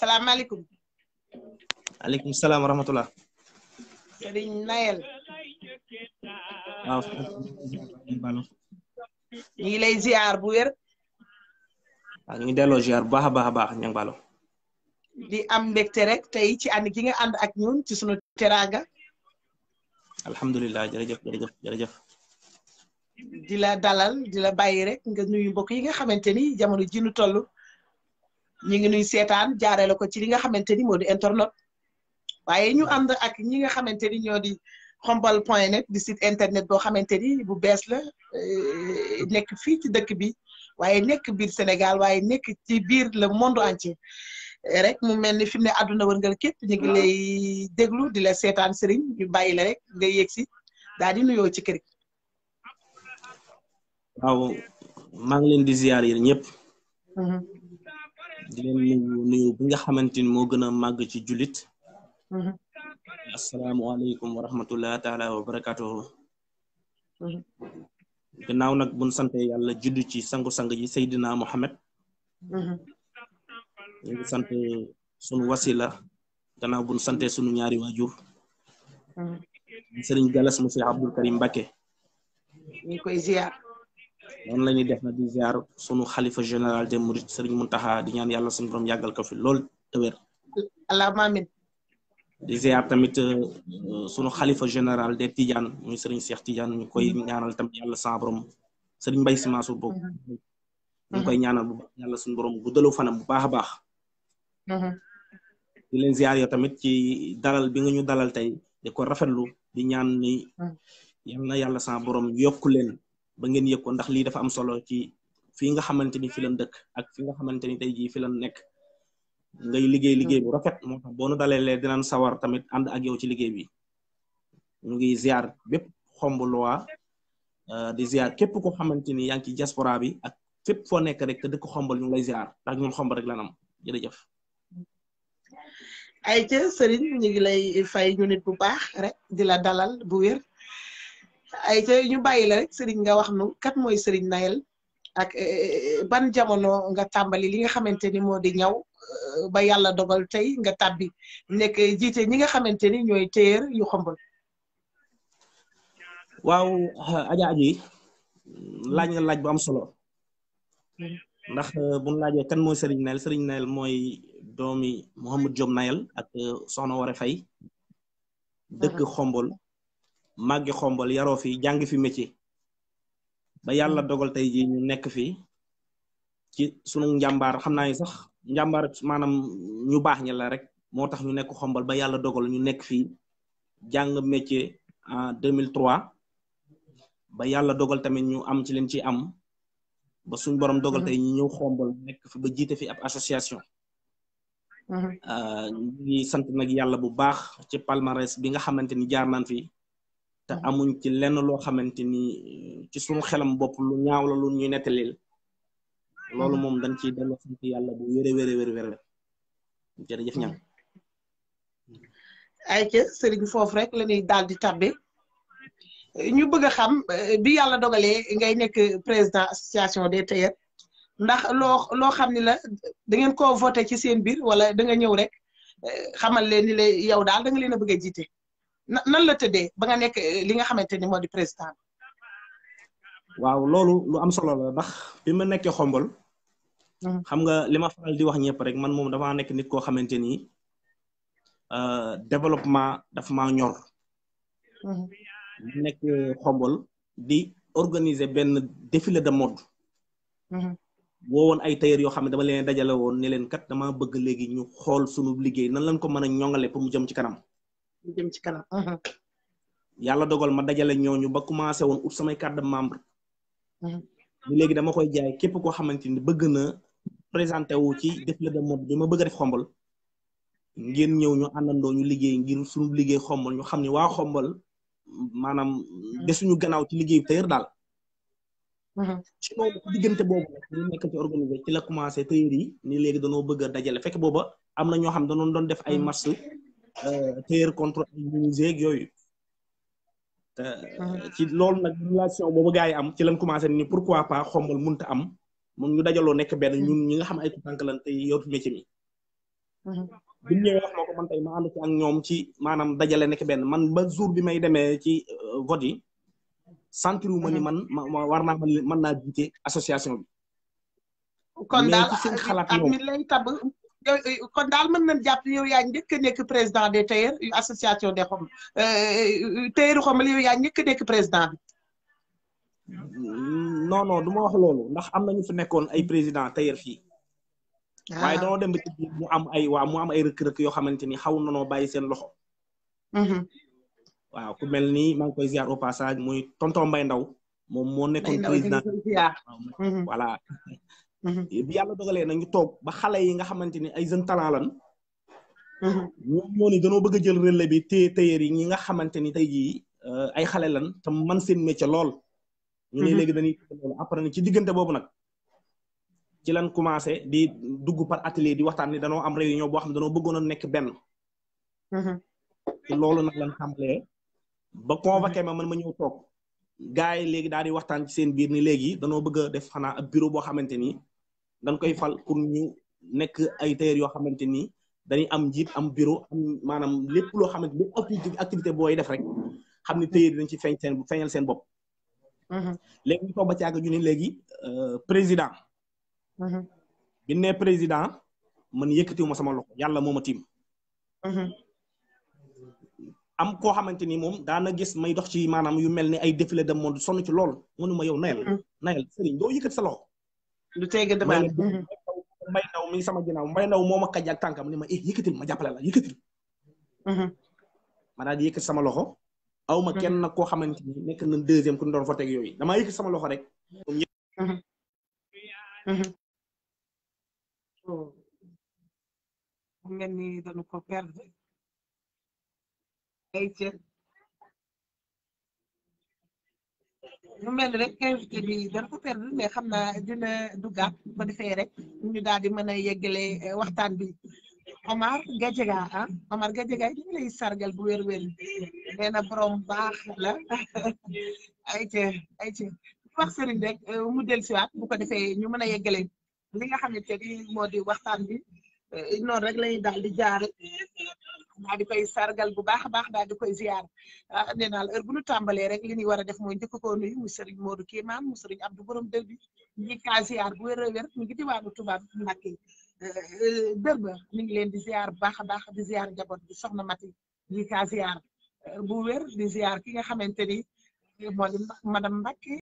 salaamaaleykum. aleykum salaam wa rahmatulah. sëriñ Nayel. waaw. ñu ngi lay ziar bu wér. waaw ñu ngi delloo ziar bu baax a baax a baax ñang balo di am mbégte rek tey ci ànd gi nga ànd ak ñun ci sunu teraanga. alhamdulilah jërëjëf jërëjëf jërëjëf. di la dalal di la bàyyi rek nga nuyu mbokk yi nga xamante ni jamono ji nu toll. ñi ngi nuy seetaan jaaree ko ci li nga xamante ni moo di internet waaye ñu ànd ak ñi nga xamante ni ñoo di xombal point net di site internet boo xamante ni bu bees la eh, nekk fii ci dëkk bi waaye nekk biir Sénégal waaye nekk ci biir le monde entier eh, rek mu mel ni fi mu ne àdduna wërngal képp ñu ngi lay déglu di la seetaan sëriñ ñu bàyyi la rek nga yegg si daal di nuyoo ci kër waaw maa ngi leen di ziar yéen di leen nuyu nuyu bi nga xamante ni moo gën a màgg ci jullit mm-hmm. asalaamualeykum wa rahmatullah taala wa barakatuhu mm-hmm. gannaaw nag buñ sante yàlla judd ci sangu-sang yi Seydina Mohamed mm-hmm. ñu ngi sunu wasila gannaaw buñ sante sunu ñaari waajur sëriñ Galas mu Cheikh Abdul Karim Mbacké ñu koy ziar noonu la ñuy def na di ziar sunu xalifa général des mourides sëriñ Muntaxa di ñaan yàlla suñu borom yàggal ko fi lool te wér. allahumma amin. di tamit euh, sunu xalifa général de Tidiane muy sëriñ seex Tidiane ñu koy ñaanal tamit yàlla sa borom sëriñ Mbaye Sy Mansour boobu. ñu koy ñaanal bu baax yàlla bu baax a baax. Mm-hmm. di leen ziar yow tamit ci dalal bi nga ñu dalal tey di ko rafetlu di ñaan ni. Mm-hmm. yal na yàlla leen. ba ngeen yëg ko ndax lii dafa am solo ci fi nga xamante ni fi lan dëkk ak fi nga xamante ni tey jii fi lan nekk ngay liggéey liggéey bu rafet moo tax boo nu dalelee dinaan sawar tamit ànd ak yow ci liggéey bi ñu ngi ziar bépp xomb loi euh, di ziar képp ko xamante ni yaa ngi ci diaspora bi ak fépp foo nekk rek te dëkk xombal ñu lay ziar ndax ñun xomb rek lan am jërëjëf ay ca sëriñ ñu ngi lay fay ñu nit bu baax rek di la dalal bu wér ay te ñu bàyyi la rek Serigne nga wax nu kat mooy Serigne Nayel ak eh, eh, ban jamono nga tàmbali li nga xamante ni moo di ñaw eh, ba yàlla dogal tey nga tàbbi nekk jiite ñi nga xamante ni ñooy téer yu xombal waaw aja aju yi laaj nga am solo ndax bu ñu laajee kan mooy Serigne Nayel Serigne Nayel mooy doomi Mouhamadou Diop Nayel ak Soxna Waré Faye dëkk mhm. xombol magi xombal yaro fi jang fi metti ba yalla hmm. dogal tay ji ñu nek fi ci sunu njambar xamna nyubah ni sax njambar manam ñu bax ñi la rek motax ñu nek xombal ba yalla dogal ñu nek fi jang metti en 2003 ba yalla dogal tamit ñu am ci lim ci am ba suñ borom dogal tay ñu ñew xombal nek fi ba jité fi ab association hmm. ah, ñu di sant nak yalla bu baax ci palmarès bi nga xamanteni jaar fi te mm-hmm. amuñ ci lenn loo xamante ni ci suñu xelam bopp lu ñaaw la lu ñuy nettalil loolu mm-hmm. moom dañ ciy dellu sant yàlla bu wéré wéré wéré wéré jërëjëf ñang mm-hmm. ay ca sëriñ foofu rek la ñuy daal di tabbi ñu bëgg a xam eh, bi yàlla dogalee ngay nekk président association des tailleurs ndax loo loo xam ni la da ngeen koo voté ci seen biir wala da nga ñëw rek eh, xamal leen ni la yow daal da nga leen a bëgg a jiite nan la tëddee ba nga nekk eh, li nga xamante ni moo di président waaw loolu lu am solo la ndax bi ma nekkee xombol mm. xam nga li ma faral di wax ñëpp rek man moom damaa nekk nit koo xamante ni euh, développement dafa maa ñor mm-hmm. nekk xombol di organiser ben défilé de mode mm-hmm. woowoon ay tailleur yoo xam ne dama leen dajale woon ne leen kat dama bëgg léegi ñu xool sunu liggéey nan lañ ko mën a pour mu jëm ci kanam ñu jëm ci kanam. Mhm. yàlla dogal ma dajale ñooñu ba commencé woon ut samay carte membre. Mhm. ni léegi dama koy jaay képp koo xamante ni bëgg na présenté wu ci défilé de mode ma bëgg a def xombal. ngeen ñëw ñu àndandoo ñu liggéey ngir suñu liggéey xombal ñu xam ni waa xombal maanaam mhm. desuñu gannaaw ci liggéey tëyër daal. ci loolu diggante boobu ñu nekk ci ci la commencé tëyër yi ni léegi danoo bëgg dajale fekk booba am na ñoo xam ne danoon doon def ay marché Euh, tailleur contre ay menuisier yooyu. Mhm. ci loolu nag relation boobu gars yi am ci lañ commencé ni pourquoi pas xombal mun ta am moom ñu dajaloo nekk benn mhm. ñun ñi nga xam ay tànk lan tey yor métier mi. Mhm. bi ñu ñëwee ko man tey ma ànd ci ak ñoom ci maanaam dajale nekk benn man ba jour bi may demee ci euh, vote yi. sentir wu ma ni man ma war naa mën naa jiite association bi. kon daal seen xalaat ñoom kon daal mën na jàpp yow yaa njëkk a nekk président des tailleurs association des xom euh, tailleurs xomal yow yaa njëkk a nekk président bi non non du ma wax loolu ndax am na ñu nekkoon ay président tailleur fii ah. waaye danoo dem ba mu am ay waa mu am ay rëkk-rëkk yoo xamante ni xaw nanoo bàyyi seen loxo mm-hmm. waaw ku mel ni maa ngi koy ziar au passage muy tonton Mbay Ndaw moom moo nekkoon président mm-hmm. voilà Mm-hmm. bi yàlla dogalee na ñu toog ba xale yi nga xamante ni ay jeune talent lan mm-hmm. ñoom ñoo ni dañoo bëgg a jël relé bi téye téyeer yi ñi nga xamante ni tey jii euh, ay xale lan te man seen métier lool ñu ne mm-hmm. léegi dañuy loolu après na ci diggante boobu nag ci lan commencé di dugg par atelier di waxtaan ni danoo am réunion boo xam ne danoo bëggoon a nekk benn loolu nag lan tàmbalee ba convoqué ma man ma ñëw toog gars yi léegi daal di waxtaan ci seen biir ni léegi danoo bëgg a def xanaa ab bureau boo xamante ni dañ koy fal pour ñu nekk ay tailleurs yoo xamante ni dañuy am njiit am bureau am maanaam lépp loo xamante ni lépp activité booy def rek xam ni tailleur dañ ci feeñ seen feeñal seen bopp. Mm-hmm. léegi ñu ba ci àgg ñu ne léegi euh, président. Mm-hmm. bi ne président man yëkkatiwuma sama loxo yàlla moom ma tiim. Mm-hmm. am koo xamante ni moom daana gis may dox ci maanaam yu mel ni ay défilé de mode sonn ci loolu ma yow nayal mm-hmm. nayal sëriñ doo yëkkat sa loxo du tege dama mm-hmm. ma kàjj ak tànkam ma eh, ma jàppale mm-hmm. ma daal yëkkat sama loxo aw ma kenn nag koo xamante ni nekk na deuxième ku ñu doon fa teg yooyu damaa yëkkat sama loxo rek oh. ayca mu mel ni rek eh, invité bi dana ko perdre mais xam naa dina duggaat ba defee rek ñu daal di mën a yeggale eh, waxtaan bi Omar Gadiaga ah ga Gadiaga ñu ngi lay sargal bu wér-wér nee na borom baax la ayca ayca wax sëriñ rek eh, mu bu ko defee ñu mën a yeggale li nga xamante ni moo di waxtaan bi noonu rek lañuy daal di jaare daal di koy sargal bu baax a baax daal di koy ziar ah nee naa la heure bu ñu tàmbalee rek li ñuy war a def mooy njëkk koo nuyu mu sëriñ Modou Kéemaan mu sëriñ Abdou Borom dër bi ñi kaa ziar bu wér a wér ñu ngi diwaanu Touba Mbacké eh, dër ba ñu ngi leen di ziar bu baax a baax di ziar njaboot bi soxna Mati ñi kaa ziar eh, bu wér di ziar ki nga xamante ni eh, moo di